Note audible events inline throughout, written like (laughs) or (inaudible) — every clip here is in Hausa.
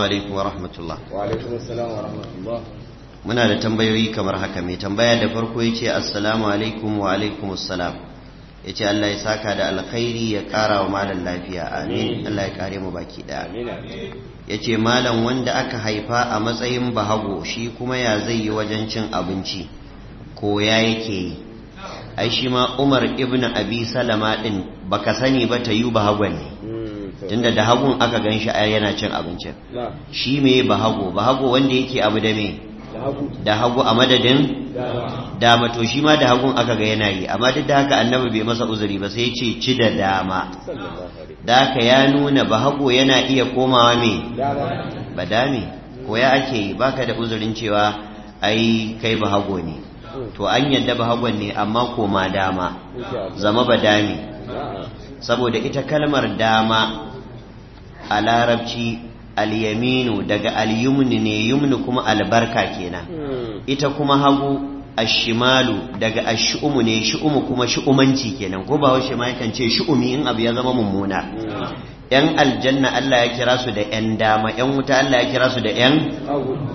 alaikum wa rahmatullah wa alaikum assalam wa rahmatullah muna da tambayoyi kamar haka mai tambaya da farko yace assalamu alaikum wa alaikum assalam yace Allah ya saka da alkhairi ya kara wa malam lafiya amin Allah ya kare mu baki daya yace malam wanda aka haifa a matsayin bahago shi kuma ya zai yi wajen cin abinci ko ya yake yi ai shi ma Umar ibn Abi Salama din baka sani ba ta yi bahagon ne hmm. tunda da hagun aka gan shi a yana cin abincin shi me bahago bahago wanda yake abu da mai, da hagu a madadin dama to shi ma da hagun aka ga yana yi amma duk da haka annabi bai masa uzuri ba sai ce ci da dama da haka ya nuna bahago yana iya komawa mai, ba dami? ko ya ake yi baka da uzurin cewa ai kai bahago ne to an yadda bahagon ne amma koma dama zama ba badami saboda ita kalmar dama a larabci alyaminu daga al-yumni ne yumni kuma albarka kenan hmm. ita kuma hagu ashimalu daga ashu'umu ne shu'umu kuma shu'umanci kenan ko ba washe ma yakan ce shu'umi in abu ya zama mummuna hmm. yan aljanna Allah ya kira su da yan dama yan wuta Allah ya kira su da yan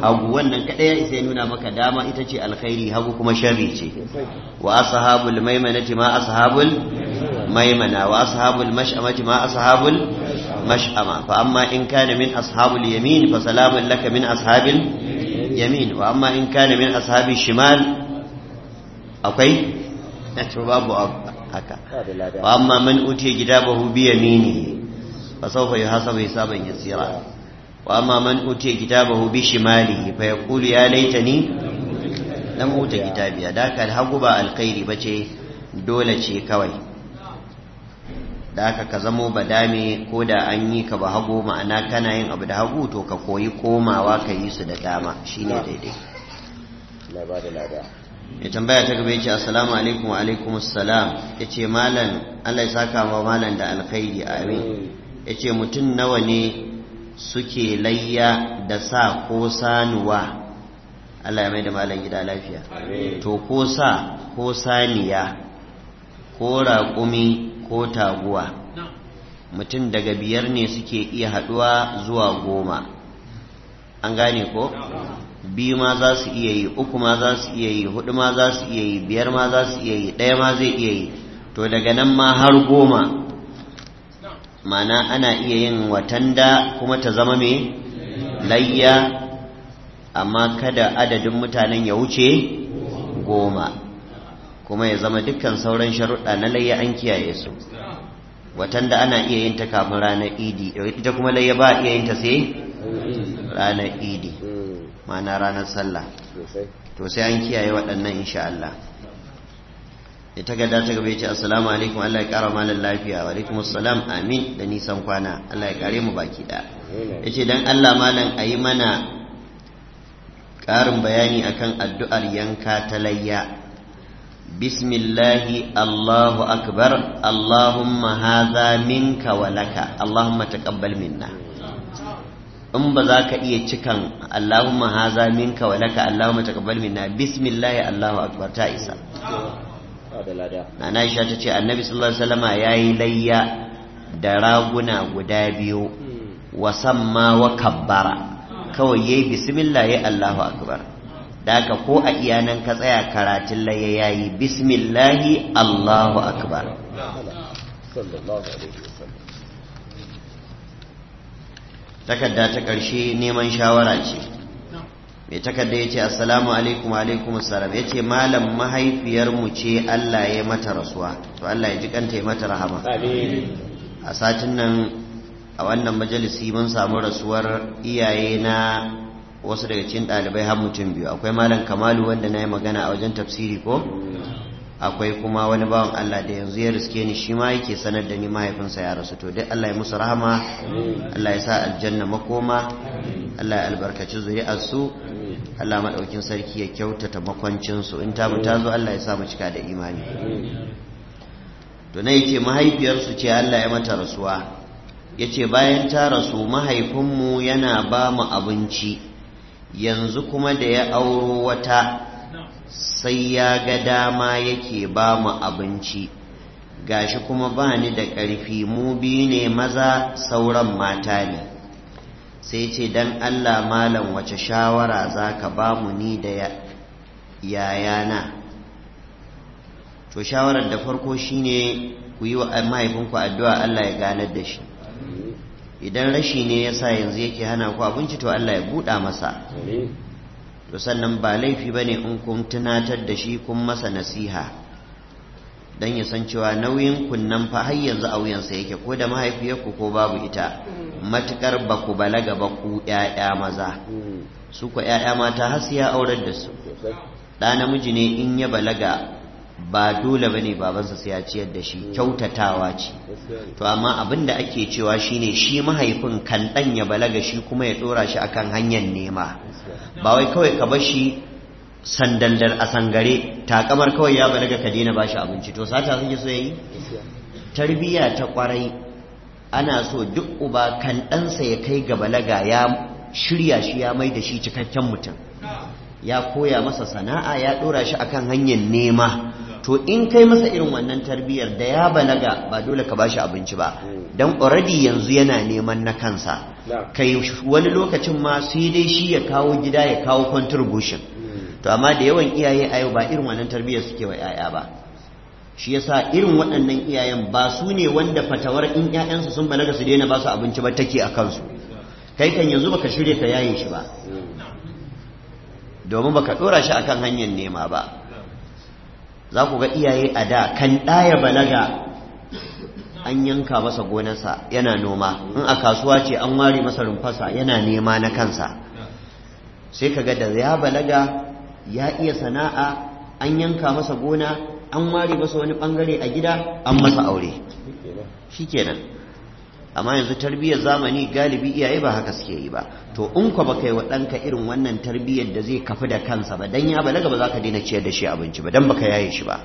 hagu wannan kadai sai nuna maka dama ita ce alkhairi hagu kuma sharri ce wa ashabul maimanati ma ashabul maimana wa ashabul mash'amati ma ashabul mash'ama fa amma in kana min ashabul yamin fa salamun laka min ashabil yamin wa amma in kana min ashabi shimal akwai na (laughs) haka wa amma man fa وأما من أوتي كتابه بشماله فيقول يا ليتني لم أوت كتابي ذاك الحق با الخير بچه دولة شي كوي da aka ka zamo ba dame ko da an yi ka ba hagu ma'ana kana yin abu da hagu to ka koyi komawa ka yi su da dama Shi ne daidai ya tambaya ta gaba ce assalamu alaikum wa alaikum assalam ce malam Allah ya saka wa malam da alkhairi amin ya ce mutum nawa ne suke layya da sa ko sanuwa Allah ya mai da malam gida lafiya to ko sa ko saniya ko raƙumi ko taguwa mutum daga biyar ne suke iya haɗuwa zuwa goma an gane ko biyu ma za su iya yi uku ma za su iya yi hudu ma za su iya yi biyar ma za su iya yi ɗaya ma zai iya yi to daga nan ma har goma mana ana iya yin watanda kuma ta zama mai layya amma kada adadin mutanen ya wuce goma kuma ya zama dukkan sauran sharuɗa na layya an kiyaye su watan da ana iya yin ta kafin ranar idi ita kuma layya ba iya yin ta sai ranar idi ma'ana ranar sallah to sai an kiyaye waɗannan insha Allah ita da ta gaba ya ce assalamu alaikum Allah ya kara malam lafiya wa alaikum assalam amin da nisan kwana Allah ya kare mu baki da ya ce dan Allah malan a yi mana ƙarin bayani akan addu'ar yanka ta layya بسم الله الله أكبر اللهم هذا منك ولك اللهم تقبل منا in ba za ka iya cikan Allahumma haza minka wa laka Allahumma minna bismillah Allahu akbar ta isa Nana Aisha ce Annabi sallallahu alaihi wasallama yayi layya da raguna guda biyu wa samma wa kawai yayi bismillah Allahu akbar da ko a iyanan ka tsaya karatun laye yi. bismillahi Allahu akbar takarda ta ƙarshe neman shawara ce mai takarda ya ce assalamu alaikum alaikum assalam ya ce malam mahaifiyarmu ce Allah ya mata rasuwa to Allah ya ji kanta ya mata rahama a satin nan a wannan majalisi mun samu rasuwar iyaye na wasu daga cikin ɗalibai har mutum biyu akwai malam kamalu wanda na yi magana a wajen tafsiri ko akwai kuma wani bawan Allah da yanzu ya riske ni shi ma yake sanar da ni mahaifinsa ya rasu to dai Allah ya musu rahama Allah ya sa aljanna makoma Allah ya albarkaci zuri'arsu Allah maɗaukin sarki ya kyautata makwancinsu in ta mu zo Allah ya sa mu cika da imani to na yace mahaifiyarsu ce Allah ya mata rasuwa yace bayan ta rasu mahaifinmu yana ba mu abinci yanzu kuma da ya auro wata sai ya ga dama yake ba mu abinci gashi kuma ba ni da ƙarfi mu biyu ne maza sauran mata ne sai ce don allah malam wace shawara za ka ba mu ni da yayana to shawarar da farko shine ku yi wa mahaifinku addu'a allah ya ganar da shi idan rashi ne ya sa yanzu yake hana ku abinci to Allah ya buɗa masa to sannan ba laifi ba ne in kun tunatar da shi kun masa nasiha don ya san cewa nauyin kunnan fa har yanzu a wuyansa yake ko da mahaifiyarku ko babu ita mm. matukar ba ku balaga ba ku ‘ya'ya maza mm. su ku ‘ya'ya mata har su ya aurar da su ɗa namiji ne in ya balaga ba dole bane babansa sai ya ciyar da shi kyautatawa ce to amma abin da ake cewa shine shi mahaifin kan dan ya balaga shi kuma ya dora shi akan hanyar nema ba wai kawai ka bar shi sandandar a sangare takamar kawai ya balaga ka daina bashi abinci to sata suke so yayi tarbiya ta kwarai ana so duk uba kan ɗansa ya kai ga balaga ya shirya shi ya mai da shi cikakken mutum ya koya masa sana'a ya ɗora shi akan hanyar nema to in kai masa irin wannan tarbiyyar da ya balaga ba dole ka bashi abinci ba Don already yanzu yana neman na kansa kai wani lokacin ma sai dai shi ya kawo gida ya kawo contribution hmm. to amma da yawan iyaye a yau ba irin wannan tarbiyyar suke wa 'ya'ya ba shi yasa irin waɗannan iyayen ba su ne wanda fatawar in 'ya'yansu sun balaga su daina ba su abinci ba take a kansu kai kan yanzu baka shirya ka yaye shi ba hmm. domin baka dora shi akan hanyar nema ba za ku ga iyaye a da kan ɗaya balaga an yanka masa gonarsa yana noma in a kasuwa ce an ware masa rumfasa yana nema na kansa sai ka ga da ya balaga ya iya sana'a an yanka masa gona an ware masa wani bangare a gida an masa aure shi kenan amma yanzu tarbiyyar zamani galibi iyaye ba haka suke yi ba to in ku baka yi wa ɗanka irin wannan tarbiyyar da zai kafi da kansa ba dan ya balaga ba za ka daina ciyar da shi abinci ba dan baka yaye shi ba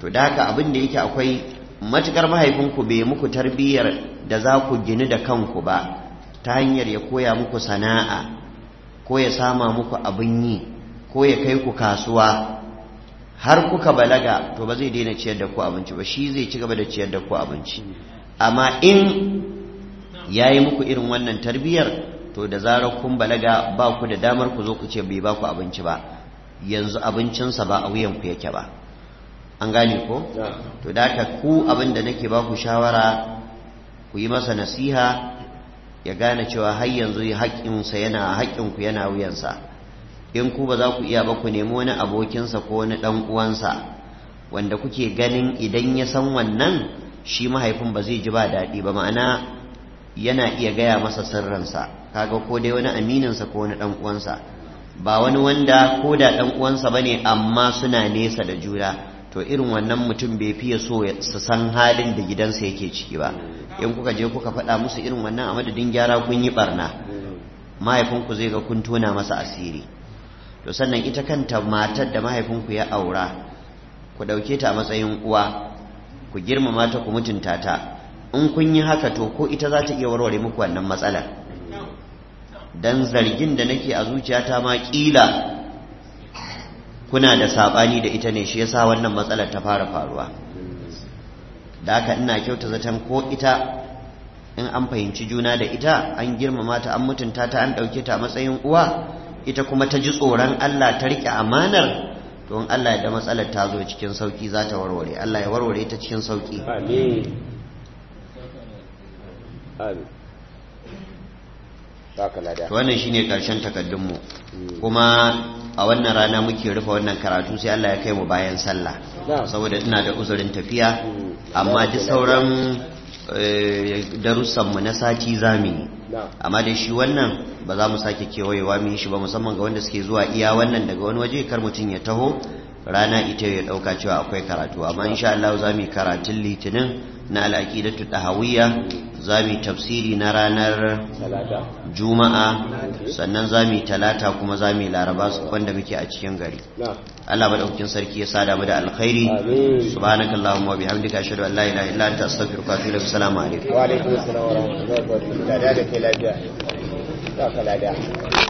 to da haka abin da yake akwai matukar mahaifinku bai muku tarbiyyar da za ku gini da kanku ba ta hanyar ya koya muku sana'a ko ya sama muku abin yi ko ya kai ku kasuwa har kuka balaga to ba zai daina ciyar da ku abinci ba shi zai ci gaba da ciyar da ku abinci amma in ya yi muku irin wannan tarbiyyar to da zarar kun balaga ba ku da damar ku zo ku ce bai ba ku abinci ba yanzu abincinsa ba a wuyan ku yake ba an gane ko to da haka ku abin da nake ba ku shawara ku yi masa nasiha ya gane cewa har yanzu haƙƙinsa yana haƙƙinku yana wuyansa in ku ba za ku iya ba ku nemi wani abokinsa ko wani ɗan uwansa wanda kuke ganin idan ya san wannan shi mahaifin ba zai ji ba daɗi ba ma'ana yana iya gaya masa sirransa kaga ko dai wani amininsa ko wani ɗan'uwansa ba wani wanda ko da ɗan'uwansa ba ne amma suna nesa da juna to irin wannan mutum bai fiye so su san halin da gidansa yake ciki ba in kuka je kuka faɗa musu irin wannan a madadin gyara kun yi barna mahaifinku zai ga kun tona masa asiri to sannan ita kanta matar da mahaifinku ya aura ku ɗauke ta a matsayin uwa ku girmama ta ku mutunta ta in kun yi haka to ko ita za ta iya warware muku wannan matsalar dan zargin da nake a zuciyata ma kila kuna da sabani da ita ne shi yasa wannan matsalar ta fara faruwa da haka ina kyauta zaton ko ita in an fahimci juna da ita an girmama ta an mutunta ta an ɗauke ta a matsayin uwa ita kuma ta ji tsoron Allah ta riƙe amanar Don Allah ya da matsalar ta zo cikin sauki za ta warware Allah ya warware ta cikin sauki amin amin wannan shine karshen takaddunmu hmm. kuma a wannan rana muke rufe wannan karatu sai Allah ya kai mu bayan sallah saboda ina da uzurin tafiya hmm. amma duk sauran eh, darussanmu na sati zamini amma dai shi wannan ba za mu sake kewayewa mu yi shi ba musamman ga wanda suke zuwa iya wannan daga wani waje kar mutum ya taho rana ita ya dauka cewa akwai karatu amma insha Allah za mu yi karatun litinin na al'aqidatu tahawiyya zami tafsiri na ranar juma'a sannan zami talata kuma zami laraba wanda muke a cikin gari Allah madaukakin sarki ya sada mu da alkhairi subhanakallahumma wa bihamdika ashhadu an la ilaha illa anta astaghfiruka wa atubu ilaik assalamu alaikum wa alaikum assalam wa rahmatullahi wa barakatuh da da kai lafiya da ka lafiya